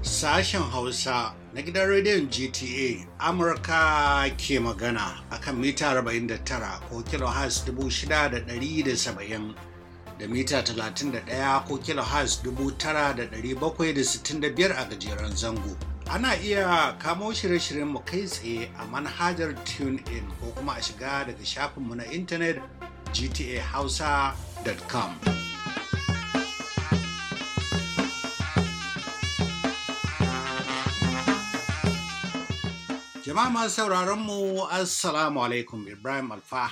Sashen Hausa na gidan rediyon GTA Amurka ke magana a kan mita 49 ko kilohertz 6,170 da mita 31 ko kilohertz 9,765 a gajeren zango. Ana iya kamo shirye-shiryen mu kai tsaye a manhajar TuneIn ko kuma a shiga daga shafinmu na intanet gtahausa.com jama'a masu sauraron mu assalamu alaikum ibrahim alfa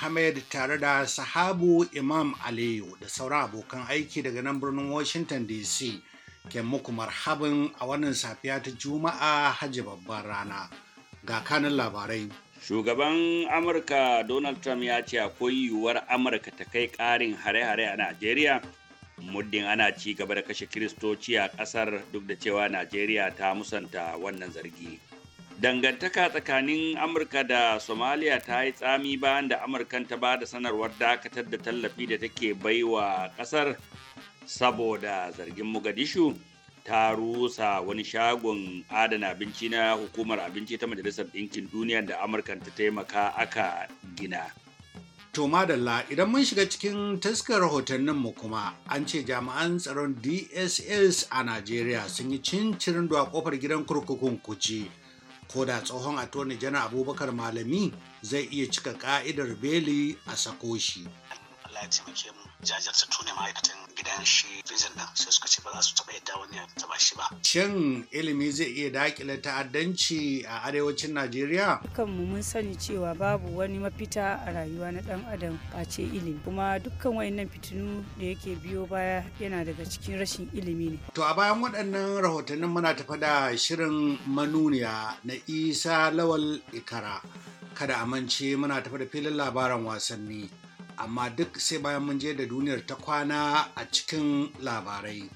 tare da sahabu imam aliyu da sauran abokan aiki daga nan birnin washington dc ke muku marhabin a wannan safiya ta juma'a hajji babban rana ga kanin labarai shugaban amurka donald trump ya ce akwai yiwuwar amurka ta kai ƙarin hare-hare a najeriya muddin ana ci gaba da kashe kiristoci a kasar duk da cewa najeriya ta musanta wannan zargi dangantaka tsakanin amurka da Somalia ta yi tsami bayan da amurkan ta ba da sanarwar dakatar da tallafi da take baiwa kasar saboda zargin mogadishu ta rusa wani shagon adana abinci na hukumar abinci ta majalisar ɗinkin duniya da amurka ta taimaka aka gina to madalla idan mun shiga cikin taskar rahotannin mu kuma an ce jami'an tsaron dss a najeriya sun yi cincirin da kofar gidan kurkukun kuci ko da tsohon attorney janar abubakar malami zai iya cika ka'idar beli a sako shi Allah ya mu ma'aikatan gidan shi prison din sai suka ce ba za su taɓa yadda wani ya taɓa shi ba. Shin ilimi zai iya dakile ta'addanci a arewacin Najeriya? mu mun sani cewa babu wani mafita a rayuwa na ɗan adam face ilimi kuma dukkan wayannan fitinu da yake biyo baya yana daga cikin rashin ilimi ne. To a bayan waɗannan rahotannin muna tafa da shirin manuniya na Isa Lawal Ikara. Kada a mance muna tafa da filin labaran wasanni. amma duk sai bayan mun je da duniyar ta kwana a cikin labarai.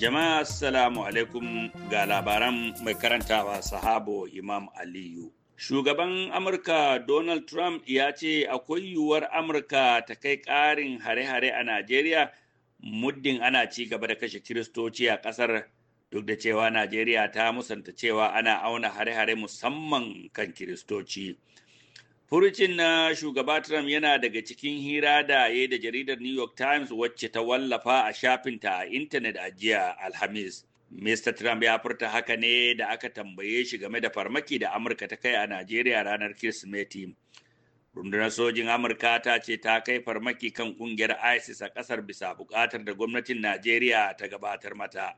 Jama'a Assalamu alaikum ga labaran mai karantawa sahabo Imam Aliyu. Shugaban Amurka Donald Trump ya ce akwai yiwuwar Amurka ta kai ƙarin hare-hare a Najeriya muddin ana ci gaba da kashe Kiristoci a ƙasar duk da cewa Najeriya ta musanta cewa ana auna hare-hare musamman kan Kiristoci. Furucin na shugaba Trump yana daga cikin hira da ya da jaridar New York Times wacce ta wallafa a shafinta a intanet a jiya Alhamis. Mr. Trump ya furta haka ne da aka tambaye shi game da farmaki da Amurka ta kai a Najeriya ranar Kirsimeti. Rundunar sojin Amurka ta ce ta kai farmaki kan kungiyar ISIS a ƙasar bisa buƙatar da gwamnatin Najeriya ta gabatar mata.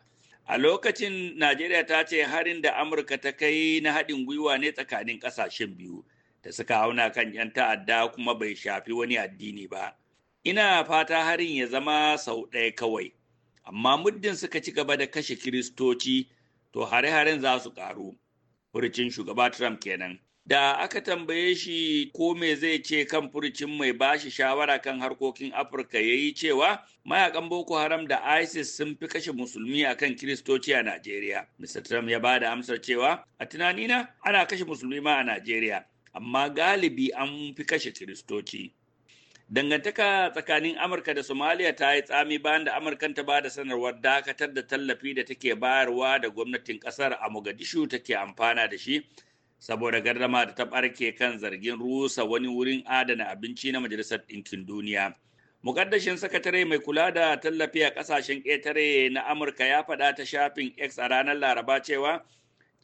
A lokacin Najeriya ta ce harin da Amurka ta kai na haɗin gwiwa ne tsakanin ƙasashen biyu da suka auna kan 'yan ta'adda kuma bai shafi wani addini ba. Ina fata harin ya zama sau ɗaya kawai, amma muddin suka ci gaba da kashe Kiristoci to hare-haren za su ƙaru. Furcin shugaba Trump kenan. Da aka tambaye shi ko me zai ce kan furucin mai bashi shawara kan harkokin Afirka ya yi cewa mayakan Boko Haram da ISIS sun fi kashe musulmi a kan Kiristoci a Najeriya. Mr. Trump ya ba da amsar cewa a tunanina ana kashe musulmi ma a Najeriya, amma galibi an fi kashe Kiristoci. dangantaka tsakanin amurka da Somalia ta yi tsami bayan da amurkan ta ba da sanarwar dakatar da tallafi da take bayarwa da gwamnatin kasar a mogadishu take amfana da shi saboda gardama da ta ɓarke kan zargin rusa wani wurin adana abinci na majalisar ɗinkin duniya mukaddashin sakatare mai kula da tallafi a ƙasashen ƙetare na amurka ya faɗa ta shafin x a ranar laraba cewa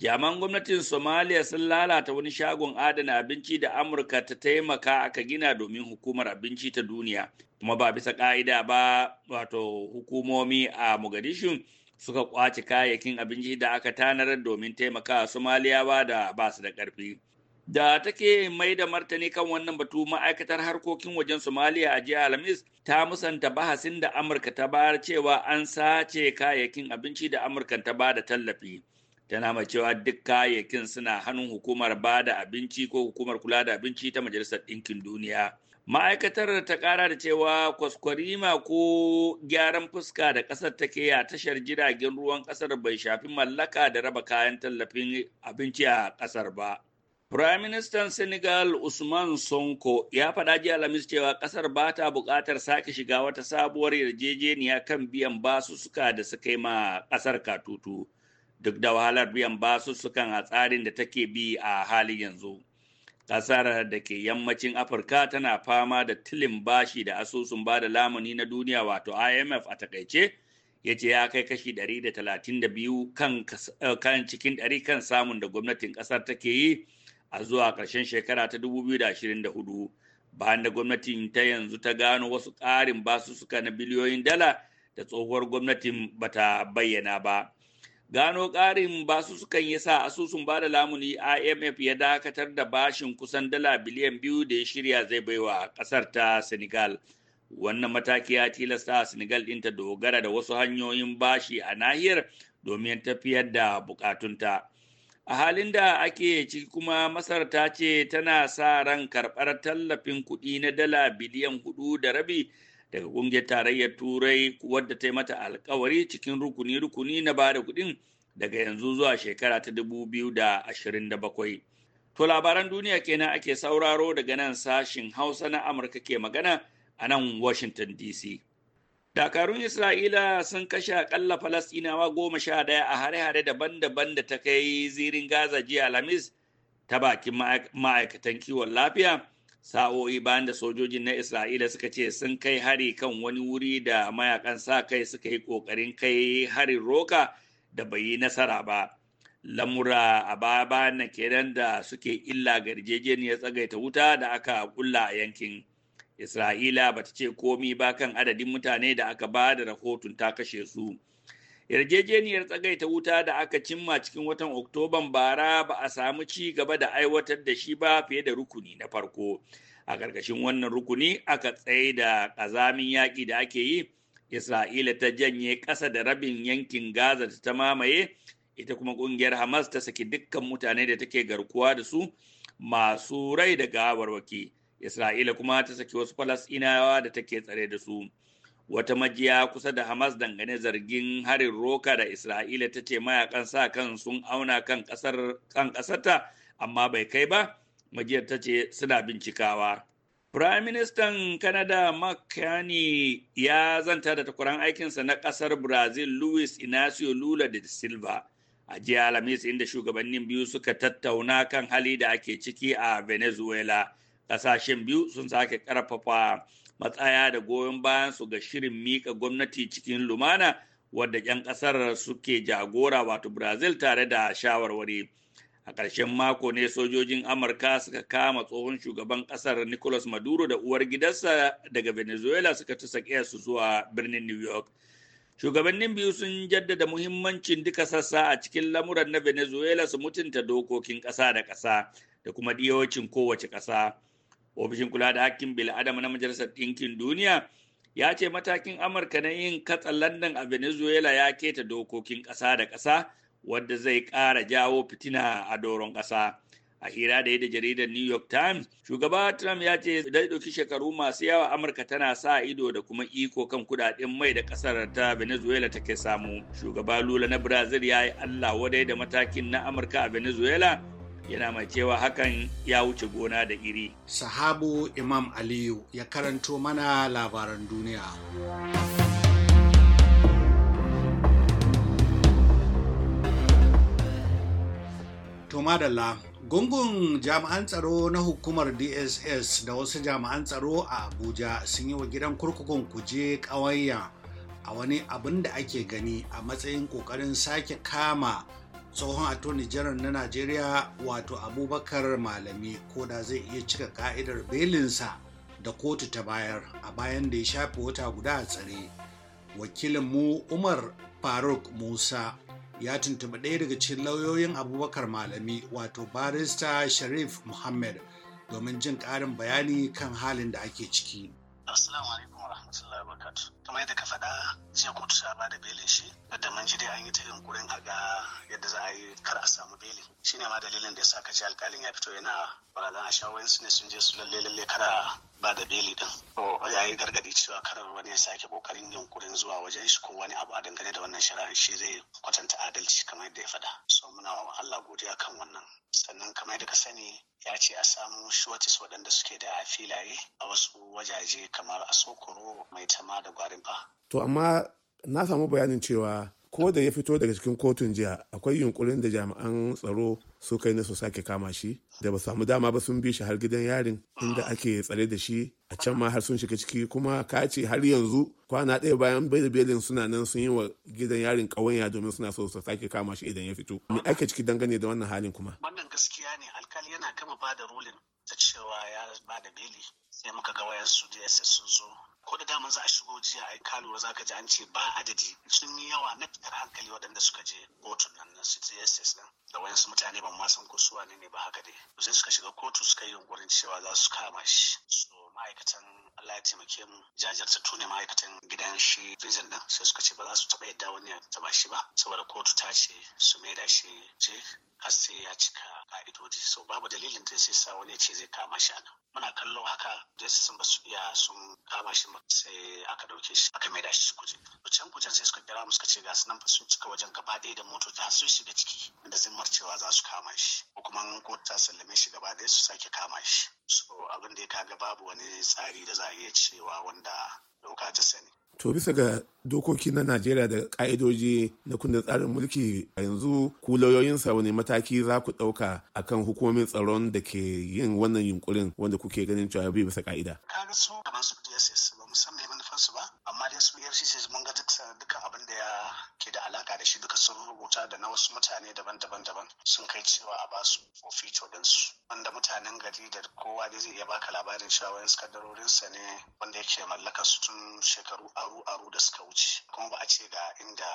jaman gwamnatin Somalia sun lalata wani shagon adana abinci da amurka ta taimaka aka gina domin hukumar abinci ta duniya kuma ba bisa ƙa'ida ba wato hukumomi a mogadishu suka kwace kayayyakin abinci da aka tanar domin taimaka somaliyawa da ba su da ƙarfi. da take mai da martani kan wannan batu ma'aikatar harkokin wajen somaliya a jiya alhamis ta musanta bahasin da amurka ta bayar cewa an sace kayayyakin abinci da amurka ta ba da tallafi tana mai cewa duk kayayyakin suna hannun hukumar ba da abinci ko hukumar kula da abinci ta majalisar ɗinkin duniya ma'aikatar da ta kara da cewa kwaskwarima ko gyaran fuska da kasar take a tashar jiragen ruwan kasar bai shafi mallaka da raba kayan tallafin abinci a kasar ba Prime Minister Senegal Usman Sonko ya faɗa jiya Alhamis cewa ƙasar ba ta buƙatar sake shiga wata sabuwar yarjejeniya kan biyan basussuka da suka yi ma ƙasar katutu duk da wahalar biyan basussukan a tsarin da take bi a halin yanzu. Ƙasar da ke yammacin Afirka tana fama da tilin bashi da asusun ba da lamuni na duniya wato IMF a takaice ya ce ya kai kashi 132 eh, kan cikin 100 kan samun da gwamnatin ƙasar take yi a zuwa ƙarshen shekara ta 2024 bayan da gwamnatin ta yanzu ta gano wasu ƙarin basussuka na biliyoyin dala da tsohuwar gwamnatin bata bayyana ba. Gano ƙarin basu sukan yi sa asusun ba da lamuni IMF ya dakatar da bashin kusan dala biliyan biyu da ya shirya zai baiwa ƙasar ta Senegal. Wannan mataki ya tilasta Senegal ɗin ta dogara da wasu hanyoyin bashi a nahiyar domin tafiyar da bukatunta. A halin da ake ciki kuma Masar ta ce tana sa ran karɓar tallafin kuɗi na dala biliyan hudu da rabi daga ƙungiyar tarayyar turai wadda ta yi mata alkawari cikin rukuni-rukuni na ba da kuɗin daga yanzu zuwa shekara ta da da ashirin bakwai To labaran duniya kenan ake sauraro daga nan sashin Hausa na Amurka ke magana a nan Washington DC. Dakarun Isra'ila sun kashe akalla falasinawa goma sha daya a hare-hare daban-daban da ta kai zirin Gaza jiya lamis ta bakin ma'aikatan kiwon lafiya sa'o'i bayan da sojojin na isra'ila suka ce sun kai hari kan wani wuri da mayakan sa kai suka yi ƙoƙarin kai harin roka da bai yi nasara ba lamura a baya na kenan da suke illa ga yarjejeniyar tsagaita wuta da aka kulla a yankin isra'ila bata ce komi ba kan adadin mutane da aka ba da rahoton ta kashe su yarjejeniyar tsagaita wuta da aka cimma cikin watan oktoban bara ba a samu ci gaba da aiwatar da shi ba fiye da rukuni na farko a ƙarƙashin wannan rukuni aka tsaye da ƙazamin yaƙi da ake yi isra'ila ta janye ƙasa da rabin yankin gaza ta mamaye ita kuma ƙungiyar hamas ta saki dukkan mutane da take garkuwa da su masu rai da gawarwaki isra'ila kuma ta saki wasu falasɗinawa da take tsare da su wata majiya kusa da hamas dangane zargin harin roka da isra'ila ta ce mayakan sa kan sun auna kan kasarta amma bai kai ba majiyar ta ce suna bincikawa Prime Minister Canada Mark Carney ya zanta da takwaran aikinsa na ƙasar Brazil Luis Inacio Lula da Silva a jiya Alhamis inda shugabannin biyu suka tattauna kan hali da ake ciki a Venezuela. Ƙasashen biyu sun sake karfafa. matsaya da goyon bayan su ga shirin miƙa gwamnati cikin lumana wadda 'yan ƙasar suke jagora wato Brazil tare da shawarwari. A ƙarshen mako ne sojojin Amurka suka kama tsohon shugaban ƙasar Nicolas Maduro da uwar gidansa daga Venezuela suka ci su zuwa birnin New York. Shugabannin biyu sun jaddada muhimmancin duka sassa a cikin lamuran na Venezuela su mutunta dokokin ƙasa da ƙasa da kuma diyocin kowace ƙasa. ofishin kula da hakkin bil'adam na majalisar ɗinkin duniya ya ce matakin amurka na yin katsa london a venezuela ya keta dokokin ƙasa da ƙasa wadda zai kara jawo fitina a doron ƙasa a hira da yi da jaridar new york times shugaba trump ya ce zai ɗauki shekaru masu yawa amurka tana sa ido da kuma iko kan kudaden mai da ƙasar ta venezuela take samu shugaba lula na brazil ya yi allah wadai da matakin na amurka a venezuela yana mai cewa hakan ya wuce gona da iri. Sahabu Imam Aliyu ya karanto mana labaran duniya. Tomadala Gungun jami'an tsaro na hukumar DSS da wasu jami'an tsaro a Abuja sun yi wa gidan kurkukun kuje ƙawayya a wani abin da ake gani a matsayin ƙoƙarin sake kama tsohon attorney general na najeriya wato abubakar malami ko da zai iya cika ka'idar belinsa da kotu ta bayar a bayan da ya shafe wata guda a tsare wakilinmu umar faruk musa ya tuntuɓi ɗaya daga cikin lauyoyin abubakar malami wato barista sharif muhammad domin jin ƙarin bayani kan halin da ake ciki. Akat. Kamar yadda ka faɗa jiya kotu ta ba da belin shi da mun ji dai an yi ta yunkurin a ga yadda za a yi kar a samu belin. Shi ne ma dalilin da ya sa ka ji alkalin ya fito yana barazana a shawarwarin su ne sun je su lalle lalle kada ba da beli din to ya yi gargadi cewa karar wani ya sake kokarin yunkurin zuwa wajen shi ko wani abu a dangane da wannan shari'a shi zai kwatanta adalci kamar yadda ya faɗa so muna wa Allah godiya kan wannan sannan kamar yadda ka sani ya ce a samu shotis waɗanda suke da filaye a wasu wajaje kamar a sokoro mai tama da gwarin fa to amma na samu bayanin cewa ko da ya fito daga cikin kotun jiya akwai yunkurin da jami'an tsaro su kai na su sake kama shi da ba samu dama ba sun bi shi har gidan yarin inda ake tsare da shi a can ma har sun shiga ciki kuma ka ce har yanzu kwana ɗaya bayan belin suna nan sun yi wa gidan yarin ƙawanya domin suna so su sake kama shi idan ya fito me ake ciki dangane da wannan halin kuma wannan gaskiya ne alkali yana kama ba da rulin ta cewa ya ba da beli sai muka ga wayan su dss sun zo ko da dama za a shigo jiya ayi ka lura za ka ji an ce ba adadi sun yi yawa na fitar hankali waɗanda suka je kotun nan na CTSS nan da wayansu mutane ban ma san ko su wane ne ba haka dai sai suka shiga kotu suka yi yunkurin cewa za su kama shi so ma'aikatan Allah ya taimake mu jajirta tuni ma'aikatan gidan shi prison din sai suka ce ba za su taɓa yadda wani ya taɓa shi ba saboda kotu ta ce su maida shi je har sai ya cika ka'idodi. so babu dalilin da sai sa wani ce zai kama shi a nan muna kallo haka jesus sun ba su iya sun kama shi ba sai aka dauke shi aka maida shi kuje to can kujen sai suka kira mu suka ce ga su nan fa sun cika wajen gaba ɗaya da motoci har sun shiga ciki da zimmar cewa za su kama shi ko kuma an ko ta sallame shi gaba ɗaya su sake kama shi so abin da ya kaga babu wani tsari da za a iya cewa wanda doka ta sani to bisa ga dokoki na najeriya da ka'idoji na kundin tsarin mulki a yanzu ku lauyoyinsa wani mataki za ku ɗauka kan hukumomin tsaron da ke yin wannan yunkurin wanda kuke ganin cewa bai bisa ka'ida ka kaga su kamar su dss mu san mai manufarsu ba amma dai su ercc mun ga dukkan abin da ya ke da alaka da shi duka sun rubuta da na wasu mutane daban-daban daban sun kai cewa a ba su ofito dinsu wanda mutanen gari da kowa dai zai iya baka labarin cewa wayan sa ne wanda yake mallaka su tun shekaru aru-aru da suka wuce kuma ba a ce ga inda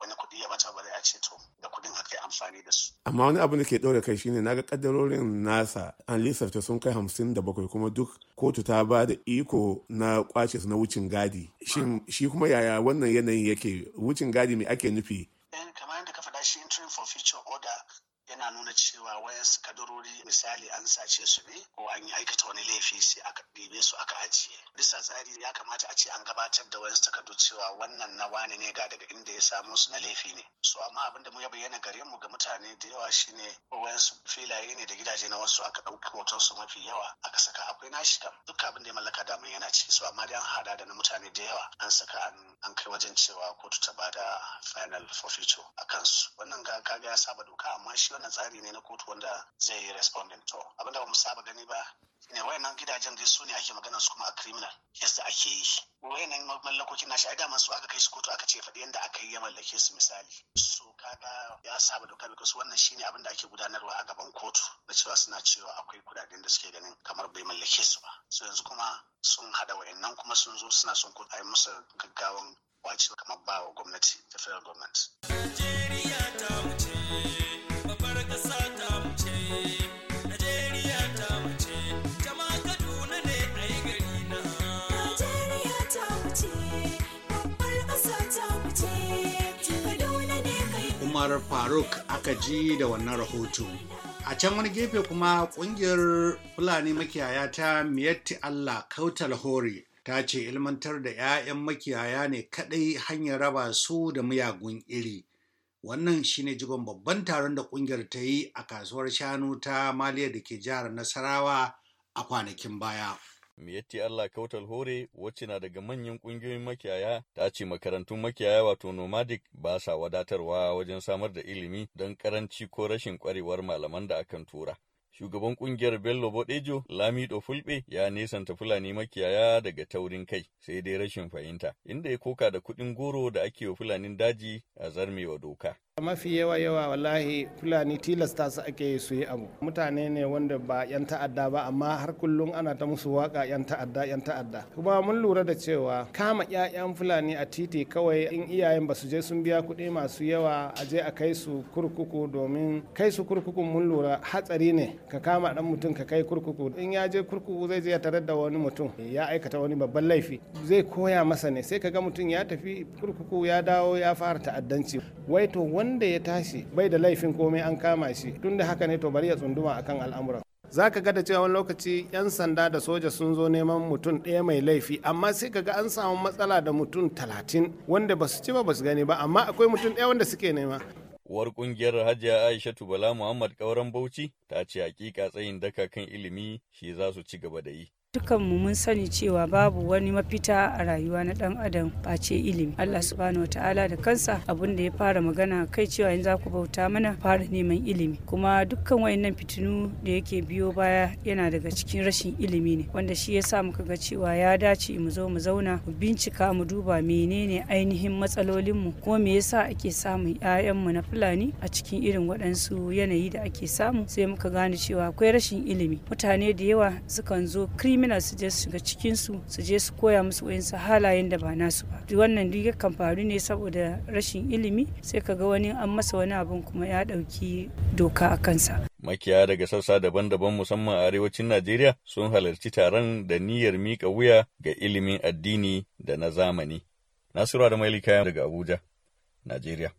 wani kuɗi ya bata ba a ce to da kuɗin aka yi amfani da su. amma wani abu da ke ɗaure kai shine naga kaddarorin nasa an lissafta sun kai hamsin da bakwai kuma duk kotu ta ba da iko na kwace su na wucin gadi shin shi kuma yaya wannan yanayin yake wucin gadi mai ake nufi kamar yadda ka faɗa shi entering for future order yana nuna cewa wayansu kadarori misali an sace su ne ko an yi aikata wani laifi sai aka ɗebe su aka ajiye bisa tsari ya kamata a ce an gabatar da wayansu takardu cewa wannan na wani ne ga daga inda ya samu su na laifi ne so amma abin da mu ya bayyana gare mu ga mutane da yawa shine ko wayansu filaye ne da gidaje na wasu aka ɗauki hoton su mafi yawa aka saka akwai nashi kam duk abin da ya mallaka da yana ciki so amma dai an hada da na mutane da yawa an saka an kai wajen cewa kotu ta bada final forfeiture a kansu wannan ga kaga ya saba doka amma shi wannan tsari ne na kotu wanda zai yi responding to abin da ba mu saba gani ba ne nan gidajen dai su ne ake magana su kuma a criminal yes da ake yi wayannan mallakokin nashi ai daman su aka kai su kotu aka ce faɗi yadda aka yi ya mallake su misali so kaga ya saba doka su wannan shine abin da ake gudanarwa a gaban kotu na cewa suna cewa akwai kudaden da suke ganin kamar bai mallake su ba so yanzu kuma sun haɗa wayannan kuma sun zo suna son kotu a musu gaggawan wacewa kamar ba wa gwamnati da federal government. umar faruk aka ji da wannan rahoto a can wani gefe kuma kungiyar fulani makiyaya ta miyatti allah kautal hori ta ce ilmantar da 'ya'yan makiyaya ne kadai hanyar raba su da miyagun iri wannan shine jigon babban taron da kungiyar ta yi a kasuwar shanu ta maliya da ke jihar nasarawa a kwanakin baya Miyatti Allah Kautal Hore wacce na daga manyan ƙungiyoyin makiyaya ta ce makarantun makiyaya wato nomadic ba sa wadatarwa wajen samar da ilimi don karanci ko rashin ƙwarewar malaman da akan tura. Shugaban ƙungiyar Bello Bodejo Lamido Fulbe ya nesanta Fulani makiyaya daga taurin kai sai dai rashin fahimta inda ya koka da kuɗin goro da ake wa Fulanin daji a zarmewa doka. mafi yawa yawa wallahi fulani tilasta su ake su yi abu mutane ne wanda ba yan ta'adda ba amma har kullum ana ta musu waka yan ta'adda yan ta'adda kuma mun lura da cewa kama ƴaƴan fulani a titi kawai in iyayen ba su je sun biya kuɗi masu yawa a je a kai su kurkuku domin kai su kurkukun mun lura hatsari ne ka kama ɗan mutum ka kai kurkuku in ya je kurkuku zai je ya tarar da wani mutum ya aikata wani babban laifi zai koya masa ne sai ka ga mutum ya tafi kurkuku ya dawo ya fara ta'addanci wai to wanda ya tashi bai da laifin komai an kama shi tun da haka ne to bari ya tsunduma akan al'amuran za ka ga da cewa wani lokaci 'yan sanda da soja sun zo neman mutum ɗaya mai laifi amma sai ka ga an samu matsala da mutum talatin wanda ba su ci ba ba su gani ba amma akwai mutum ɗaya wanda suke nema Uwar kungiyar Hajiya Aishatu Bala Muhammad Kauran Bauchi ta ce hakika tsayin daka kan ilimi shi za su ci gaba da yi. dukanmu mun sani cewa babu wani mafita a rayuwa na dan adam face ilimi Allah subhanahu wataala da kansa abin da ya fara magana kai cewa yanzu za ku bauta mana fara neman ilimi kuma dukkan wayannan fitinu da yake biyo baya yana daga cikin rashin ilimi ne wanda shi ya sa muka ga cewa ya dace mu zo mu zauna mu bincika mu duba menene ainihin matsalolinmu ko me yasa ake samun 'ya'yanmu na fulani a cikin irin waɗansu yanayi da ake samu sai muka gane cewa akwai rashin ilimi mutane da yawa sukan zo criminal su je su shiga cikin su su je su koya musu su halayen da ba nasu ba wannan duk yakan faru ne saboda rashin ilimi sai ka ga wani an masa wani abun kuma ya ɗauki doka a kansa makiya daga sassa daban-daban musamman a arewacin Najeriya sun halarci taron da niyyar mika wuya ga ilimin addini da na zamani. Nasiru da Mailika daga Abuja, Najeriya.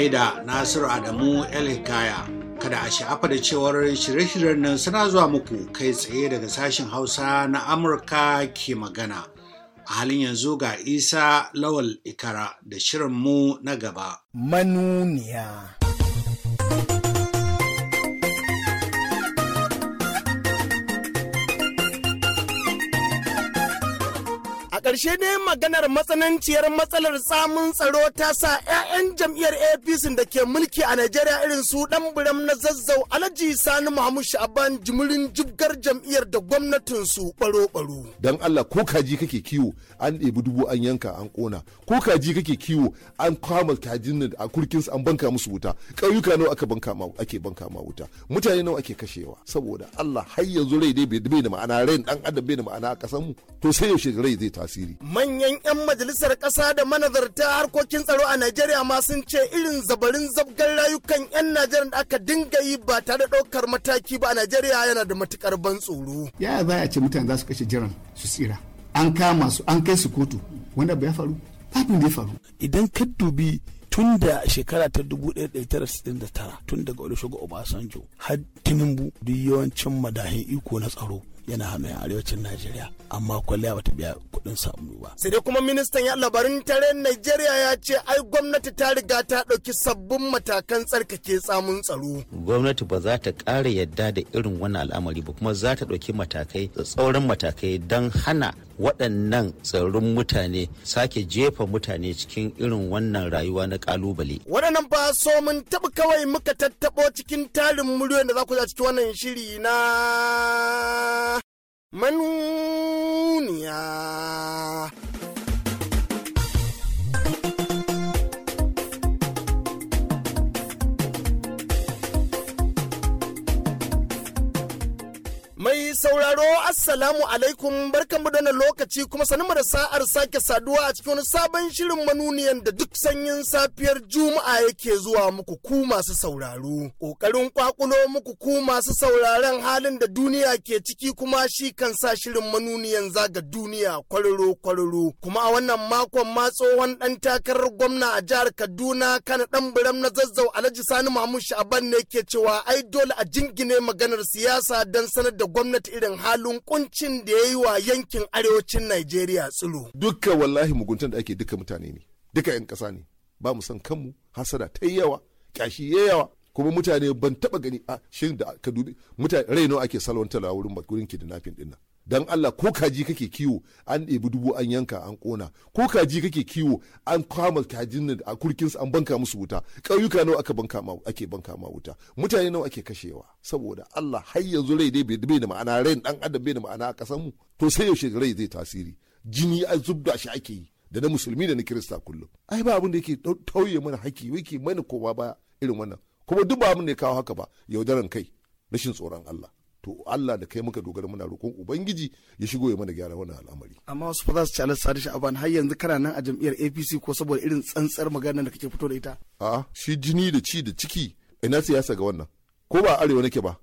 shaida Nasiru Adamu Elikaya. Kada a sha'afa da cewar shirye-shiryen nan suna zuwa muku kai tsaye daga sashen Hausa na Amurka ke magana. A halin yanzu ga Isa Lawal Ikara da shirin mu na gaba. Manuniya. karshe ne maganar matsananciyar matsalar tsamin tsaro ta sa 'ya'yan jam'iyyar apc da ke mulki a najeriya irin su dan biram na zazzau alhaji sani muhammad sha'aban jimirin jibgar jam'iyyar da gwamnatin su baro-baro dan allah ko kaji kake kiwo an ɗebi dubu an yanka an kona ko kaji kake kiwo an kama kajin nan a kurkin an banka musu wuta ƙauyuka nawa aka banka ma ake banka ma wuta mutane nawa ake kashewa saboda allah har yanzu rai dai bai da ma'ana rai dan adam bai da ma'ana a ƙasar mu to sai yaushe rai zai tasiri tasiri. Manyan 'yan majalisar ƙasa da manazarta harkokin tsaro a Najeriya ma sun ce irin zabarin zabgar rayukan 'yan Najeriya da aka dinga yi ba tare da ɗaukar mataki ba a Najeriya yana da matukar ban tsoro. Yaya za a ce mutane za su kashe jiran su tsira? An kama su an kai su kotu wanda bai faru? Babin da ya faru. Idan ka dubi tun da shekara ta 1969 tun daga Olusegun Obasanjo har Tinubu duk yawancin madahin iko na tsaro yana a arewacin najeriya amma kwalliya bata biya kuɗin samu ba sai dai kuma ministan ya labarin tare najeriya ya ce ai gwamnati ta riga ta ɗauki sabbin matakan tsarkake tsamun tsaro gwamnati ba za ta ƙara yadda da irin wannan al'amari ba kuma za ta ɗauki matakai da tsauran matakai don hana waɗannan tsaron mutane sake jefa mutane cikin irin wannan rayuwa na kalubale. Waɗannan ba so mun taɓa kawai muka tattaɓo cikin tarin muryoyin da za ku za wannan shiri na manuniya sauraro assalamu alaikum mu da wannan lokaci kuma sanin da sa'ar sake saduwa a cikin wani sabon shirin manuniyan da duk sanyin safiyar juma'a yake zuwa muku ku masu sauraro kokarin kwakulo muku ku masu sauraron halin da duniya ke ciki kuma shi kan sa shirin manuniyan zaga duniya kwararo kwararo kuma a wannan makon ma tsohon dan takarar gwamna a jihar Kaduna kana dan biram na zazzau Alhaji Sani Mahmud Sha'ban ne ke cewa ai dole a jingine maganar siyasa dan sanar da gwamnati irin halin kuncin da ya yi wa yankin arewacin Najeriya tsulo. Dukka wallahi muguntan da ake duka mutane ne, duka 'yan ƙasa ne, ba mu san kanmu, hasada ta yi yawa, ƙyashi ya yawa, kuma mutane ban taɓa gani a shirin da ka dubi, mutane rai nawa ake salwantarwa wurin kidnapping nafin nan. dan Allah ko kaji kake kiwo an ɗebi dubu an yanka an ƙona ko kaji kake kiwo an kama kajin nan a kurkinsu an banka musu wuta ƙauyuka nawa aka banka ma ake banka ma wuta mutane nawa ake kashewa saboda Allah har yanzu rai dai bai da ma'ana rai dan adam bai da ma'ana a kasan mu to sai yaushe rai zai tasiri jini a zubda shi ake yi da na musulmi da na kirista kullum ai ba abin da yake tauye mana haƙi ke mana kowa ba irin wannan kuma duk ba abin da ya kawo haka ba yaudaran kai rashin tsoron Allah to Allah da kai muka dogara muna roƙon ubangiji ya shigo ya mana gyara wannan al'amari amma wasu fa za su ci sadi sha'aban har yanzu kana nan a jam'iyyar APC ko saboda irin tsantsar magana da kake fito da ita a shi jini da ci da ciki ina siyasa ga wannan ko ba arewa nake ba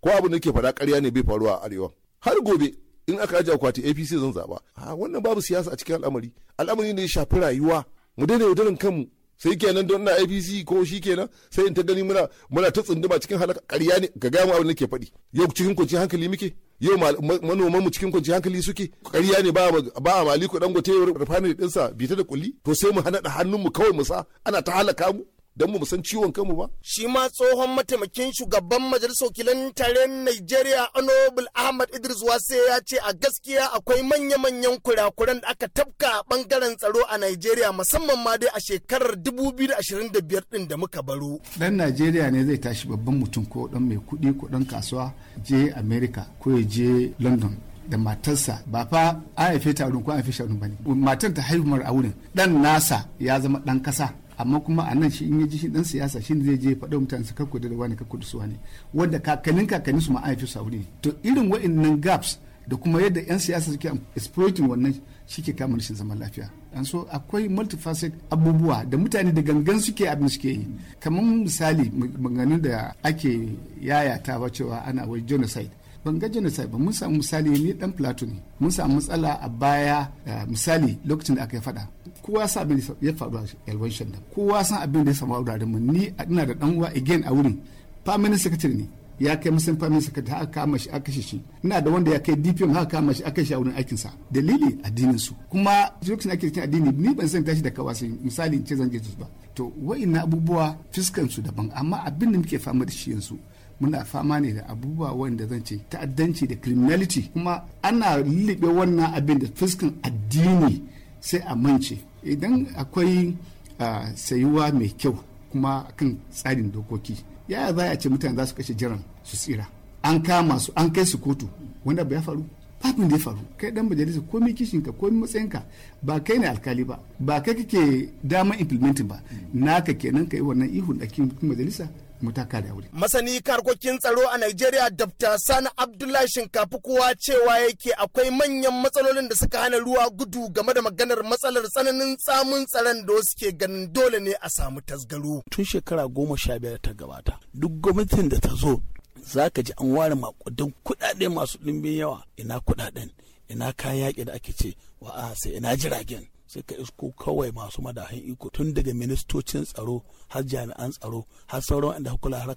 ko abu nake fara ƙarya ne bai faruwa a arewa har gobe in aka aje akwati APC zan zaba a wannan babu siyasa a cikin al'amari al'amari ne ya shafi rayuwa mu daina yaudarin kanmu sai kenan don na apc ko shi kenan sai in ta gani muna muna ta tsunduma cikin halaka ƙarya ne ga gamu abin da ke faɗi yau cikin kwanci hankali muke yau manoman mu cikin kwanci hankali suke ƙarya ne ba ba a maliko dangote refinery ɗinsa bita da kulli to sai mu hana da hannun mu kawai mu sa ana ta halaka mu don mu san ciwon kanmu ba. Shi ma tsohon mataimakin shugaban majalisar wakilan taren Najeriya Honorable Ahmad Idris Wase ya ce a gaskiya akwai manya-manyan kurakuran da aka tabka a bangaren tsaro a Najeriya musamman ma dai a shekarar 2025 din da muka baro. Dan Najeriya ne zai tashi babban mutum ko dan mai kuɗi ko dan kasuwa je America ko ya je London da matarsa ba fa an haife ta a ko an haife shi a bane matar ta haihu a wurin dan nasa ya zama dan kasa amma kuma a nan shi in ya ji shi dan siyasa shi zai je faɗa mutane su kakkuda da wani kakkuda su wani wanda kakannin kakannin su ma sauri ne to irin wa'annan gaps da kuma yadda 'yan siyasa suke exploiting wannan shi ke kama rashin zaman lafiya an so akwai multifaceted abubuwa da mutane da gangan suke abin suke yi kamar misali maganin da ake yayatawa cewa ana wai genocide ban ga genocide ba mun samu misali ni dan plato ne mun samu matsala a baya eh, misali lokacin da aka yi fada kowa san abin da ya faru a yalwan shanda kowa san abin da ya samu a wuraren mu ni ina da dan uwa again a wurin family secretary ne ya kai musan family secretary aka kama shi aka shi ina da wanda ya kai DPM aka kama shi aka shi a wurin aikin sa dalili addinin su kuma lokacin da ake cikin addini ni ban san tashi da kawa sai misali ce zan je ba to wa'annan abubuwa fiskan su daban amma abin da muke fama da shi yanzu muna fama ne da abubuwa wanda zan ce ta'addanci da criminality kuma ana lullube wannan abin da fuskan addini sai a mance idan akwai sayuwa mai kyau kuma kan tsarin dokoki ya za a ce mutane za su kashe jiran su tsira an kama su an kai su kotu wanda ba ya faru babin da ya faru kai dan majalisa komai kishinka komai matsayinka ba kai ne alkali ba ba kai kake damar implementing ba naka kenan ka kai wannan ihun da majalisa mutaka da wuri. Masani karkokin tsaro a Najeriya Dr. Sani Abdullahi Shinkafi kuwa cewa yake akwai manyan matsalolin da suka hana ruwa gudu game da maganar matsalar tsananin tsamun tsaron da wasu ke ganin dole ne a samu tasgaro. Tun shekara goma sha biyar ta gabata duk gwamnatin da ta zo za ka ji an ware makudan kuɗaɗe masu ɗimbin yawa ina kuɗaɗen ina kayan yaƙi da ake ce wa'a sai ina jiragen. sai ka isko kawai masu madahin iko tun daga ministocin tsaro har jami'an tsaro har sauran wanda kula har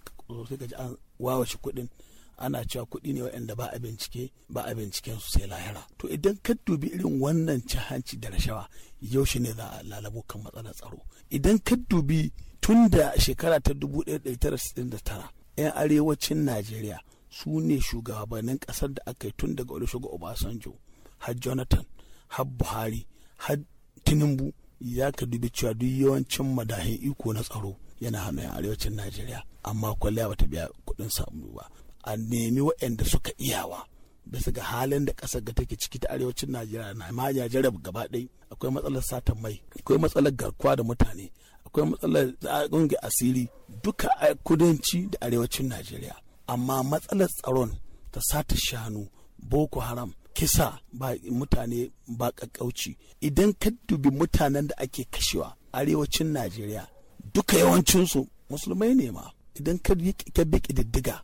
sai ka ji an shi kuɗin ana cewa kuɗi ne waɗanda ba a bincike ba a binciken su sai lahira to idan ka dubi irin wannan ci hanci da rashawa yaushe ne za a lalabo kan matsalar tsaro idan ka dubi tun da shekara ta 1969 'yan arewacin najeriya su ne shugabannin ƙasar da aka yi tun daga olusegun obasanjo har jonathan har buhari har tinubu ya ka dubi cewa duk yawancin madahin iko na tsaro yana a arewacin najeriya amma kwalliya bata biya kuɗin sabulu ba a nemi waɗanda suka iyawa bisa ga halin da ƙasar ga take ciki ta arewacin najeriya na ma ya jarab gaba ɗai akwai matsalar satan mai akwai matsalar garkuwa da mutane akwai matsalar tsagunga asiri duka a kudanci da arewacin najeriya amma matsalar tsaron ta sata shanu boko haram kisa ba mutane ba ƙaƙƙauci idan ka dubi mutanen da ake kashewa arewacin najeriya duka yawancinsu musulmai ne ma idan ka bi ƙididdiga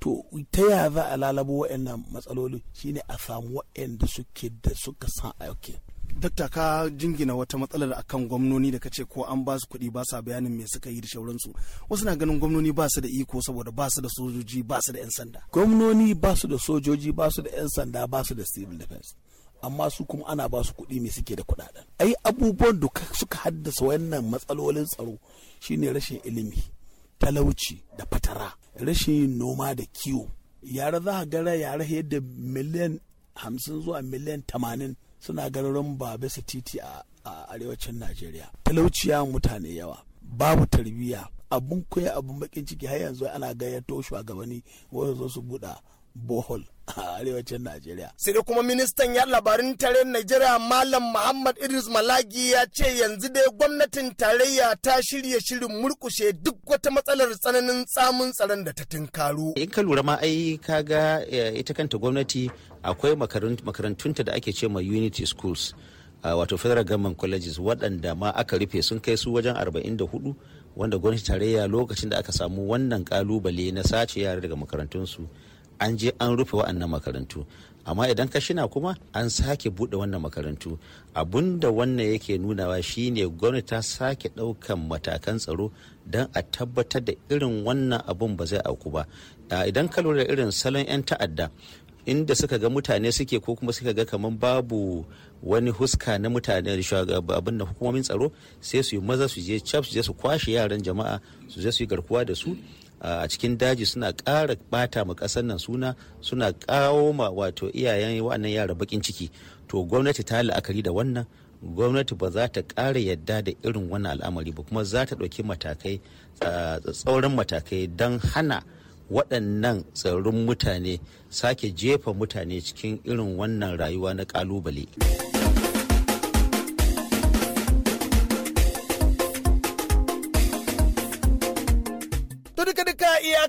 to ta yaya za a lalabo waɗannan matsaloli shine a samu waɗanda suke da suka san aikin dakta ka jingina wata matsalar akan gwamnoni da ka ce ko an ba su kuɗi ba sa bayanin me suka yi da shauransu wasu na ganin gwamnoni ba su da iko saboda ba su da sojoji ba su da yan sanda gwamnoni ba su da sojoji ba su da yan sanda ba su da civil defense amma su kuma ana ba su kuɗi me suke da kuɗaɗen ai abubuwan da suka haddasa wannan matsalolin tsaro shine rashin ilimi talauci da fatara rashin noma da kiwo yara za gara yara yadda miliyan hamsin zuwa miliyan tamanin suna ganin rumba bisa titi a arewacin najeriya talauciya mutane yawa babu tarbiyya abun koya abun bakin ciki har yanzu ana gayyato shugabanni wanda zo su buɗa bohol a arewacin Najeriya. Sai dai kuma ministan ya labarin tarayyar Najeriya Malam Muhammad Idris Malagi ya ce yanzu dai gwamnatin tarayya ta shirya shirin murkushe duk wata matsalar tsananin tsamun tsaron da ta tunkaru. In ka lura ma ai kaga eh, ita kanta gwamnati akwai makarantunta da ake ce ma Unity Schools. Uh, wato federal government colleges waɗanda ma aka rufe sun kai su wajen 44 wanda gwamnati tarayya lokacin da aka samu wannan kalubale na sace yara daga makarantunsu an je an rufe wa'annan makarantu amma idan ka shina kuma an sake buɗe wannan makarantu abinda wannan yake nunawa shine gwamnati ta sake ɗaukan matakan tsaro don a tabbatar da irin wannan abun ba zai auku ba idan ka lura irin salon 'yan ta'adda inda suka ga mutane suke ko kuma suka ga kamar babu wani huska na mutane abin da hukumomin tsaro sai su yi maza su je cap su je su kwashe yaran jama'a su je su yi garkuwa da su a cikin daji suna ƙara ɓata ma ƙasar nan suna suna kawo ma wato iyayen wa'annan yara bakin ciki to gwamnati ta la'akari da wannan gwamnati ba za ta ƙara yadda da irin wannan al'amari ba kuma za ta ɗauki matakai tsauran matakai don hana waɗannan tsarin mutane sake jefa mutane cikin irin wannan rayuwa na ƙalubale.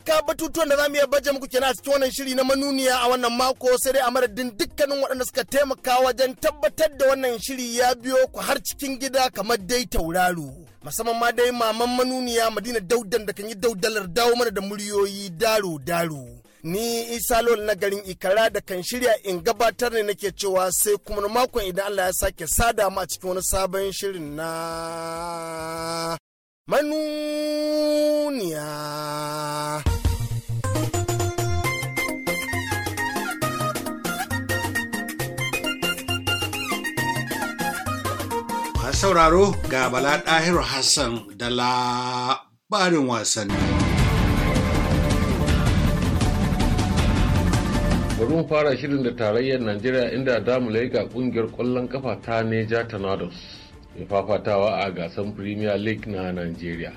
ka batutuwan da za mu iya baje muku kenan a cikin wannan shiri na manuniya a wannan mako sai dai a madadin dukkanin waɗanda suka taimaka wajen tabbatar da wannan shiri ya biyo ku har cikin gida kamar dai tauraro. Musamman ma dai maman manuniya Madina Daudan da kan yi daudalar dawo mana da muryoyi daro-daro. Ni Isa Lol na garin Ikara da kan shirya in gabatar ne nake cewa sai kuma makon idan Allah ya sake sada mu a cikin wani sabon shirin na manuniya. sauraro ga Bala Ɗahiru Hassan da labarin wasanni. bari mu fara shirin da tarayyar najeriya inda damu laika ƙungiyar ƙwallon kafa ta neja tornadoes ke fafatawa a gasar premier league na nigeria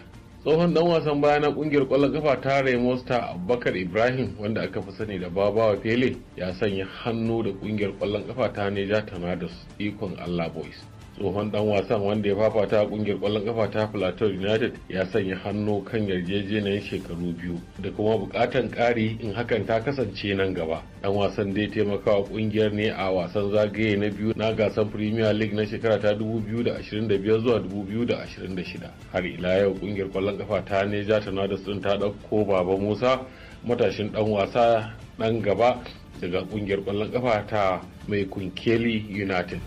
tsohon dan wasan baya na kungiyar kwallon kafa ta Raymosta Abubakar Ibrahim wanda aka fi sani da Babawa Pele ya sanya hannu da kungiyar kwallon kafa ta da Tornadoes ikon Allah Boys tsohon dan wasan wanda ya fafata a kungiyar kwallon kafa ta plateau united ya sanya hannu kan yarjejeniyar shekaru biyu da kuma bukatan kari in hakan ta kasance nan gaba dan wasan dai taimakawa kungiyar ne a wasan zagaye na biyu na gasar premier league na shekara ta 2025 zuwa 2026 har ila yau kungiyar kwallon kafa ta ne ta da sun ta dauko baba musa matashin dan wasa dan gaba daga kungiyar kwallon kafa ta mai kunkeli united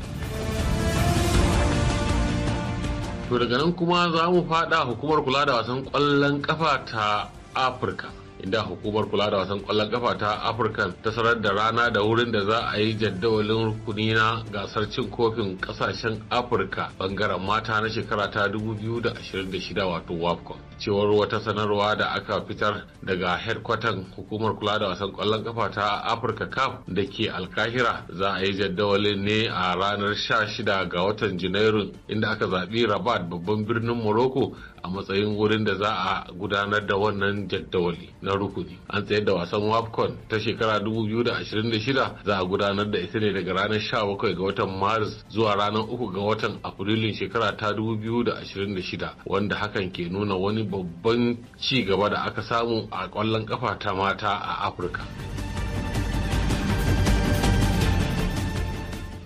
To daga nan kuma za mu faɗa hukumar kula da wasan ƙwallon ƙafa ta Afirka. inda hukumar kula da wasan kwallon kafa ta afirka ta sanar da rana da wurin da za a yi jaddawalin rukuni na gasar cin kofin kasashen afirka bangaren mata na shekara ta 2026 wato wafcon cewar wata sanarwa da aka fitar daga hedkwatan hukumar kula da wasan kwallon kafa ta afirka kaf da ke alkahira za a yi jadawalin ne a ranar 16 ga watan janairun inda aka zaɓi rabat babban birnin morocco a matsayin wurin da za a gudanar da wannan jaddawali na rukuni an tsayar da wasan wapcon ta shekara 2026 za a gudanar da ita ne daga ranar 17 ga watan maris zuwa ranar 3 ga watan afrilun shekara ta 2026 wanda hakan ke nuna wani babban ci gaba da aka samu a kwallon kafa ta mata a afirka.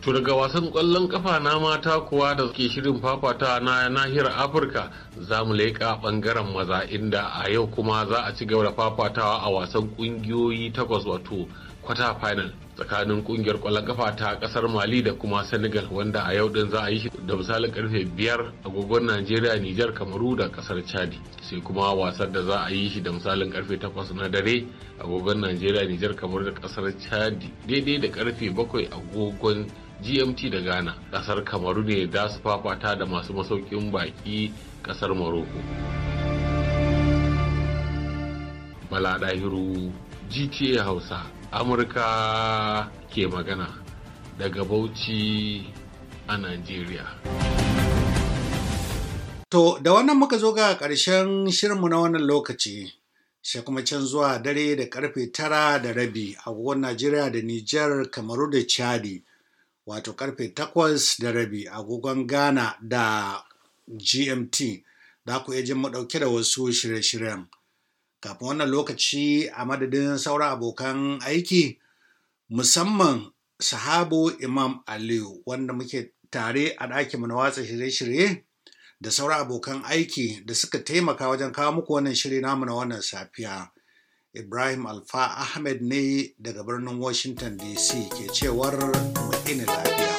To daga wasan kwallon kafa na mata kuwa da suke shirin fafata na nahiyar Afirka za mu leƙa ɓangaren maza inda a yau kuma za a ci gaba da fafatawa a wasan ƙungiyoyi takwas wato kwata final tsakanin ƙungiyar kwallon kafa ta kasar mali da kuma senegal wanda a yau din za a yi shi da misalin karfe biyar agogon najeriya nijar kamaru da kasar chadi sai kuma wasan da za a yi shi da misalin karfe takwas na dare agogon najeriya nijar kamaru da kasar chadi daidai da karfe bakwai agogon gmt da ghana kasar kamaru ne da su fafata da masu masaukin baki kasar morocco bala dahiru gta hausa amurka ke magana daga bauchi a nigeria to da wannan muka zo ga ƙarshen shirinmu na wannan lokaci sai kuma can zuwa dare da karfe tara da rabi a agogon najeriya da nijar kamaru da chadi wato karfe takwas da rabi agogon Ghana da GMT da ku iya jin ɗauke da wasu shirye-shiryen. Kafin wannan lokaci a madadin sauran abokan aiki musamman sahabu Imam Aliyu wanda muke tare a ɗakinmu na watsa shirye-shirye da sauran abokan aiki da suka taimaka wajen kawo muku wannan shiri namu na wannan safiya. Ibrahim Alfa Ahmed ne daga birnin Washington DC ke cewar mu lafiya.